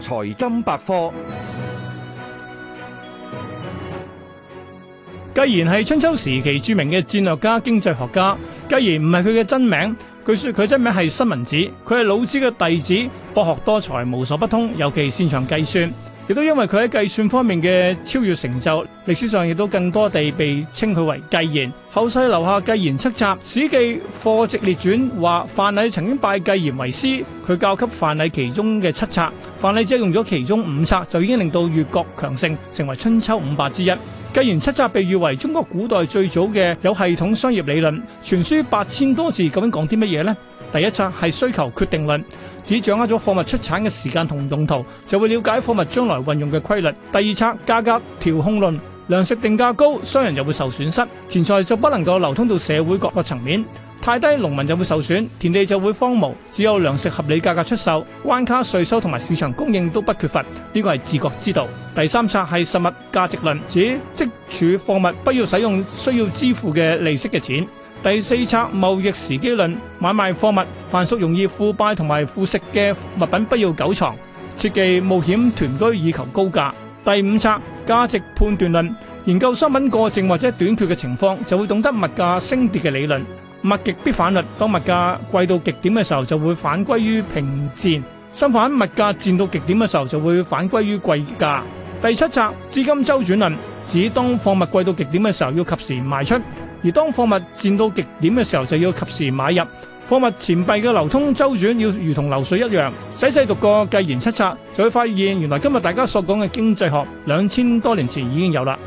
財金百科。計然係春秋時期著名嘅戰略家、經濟學家。計然唔係佢嘅真名，據說佢真名係辛文子，佢係老子嘅弟子，博學多才，無所不通，尤其係擅長計算。亦都因為佢喺計算方面嘅超越成就，歷史上亦都更多地被稱佢為計然。後世留下《計然七策》《史記·貨殖列傳》話范蠡曾經拜計然為師。佢教給范蠡其中嘅七策，范蠡只係用咗其中五策就已經令到越國強盛，成為春秋五霸之一。既然七策被譽為中國古代最早嘅有系統商業理論，全書八千多字究竟講啲乜嘢呢？第一策係需求決定論，只掌握咗貨物出產嘅時間同用途，就會了解貨物將來運用嘅規律。第二策價格調控論，糧食定價高，商人又會受損失，錢財就不能夠流通到社會各個層面。太低，農民就會受損，田地就會荒蕪。只有糧食合理價格出售，關卡稅收同埋市場供應都不缺乏。呢、這個係治國之道。第三策係實物價值論，指積儲貨物不要使用需要支付嘅利息嘅錢。第四策貿易時機論，買賣貨物，凡屬容易腐敗同埋腐蝕嘅物品不要久藏，切忌冒險囤居以求高價。第五策價值判斷論，研究商品過剩或者短缺嘅情況，就會懂得物價升跌嘅理論。物極必反律，當物價貴到極點嘅時候，就會反歸於平賤；相反，物價賤到極點嘅時候，就會反歸於貴價。第七策資金周轉論，指當貨物貴到極點嘅時候要及時賣出，而當貨物賤到極點嘅時候就要及時買入。貨物錢幣嘅流通周轉要如同流水一樣。細細讀過《計然七策》，就會發現，原來今日大家所講嘅經濟學，兩千多年前已經有啦。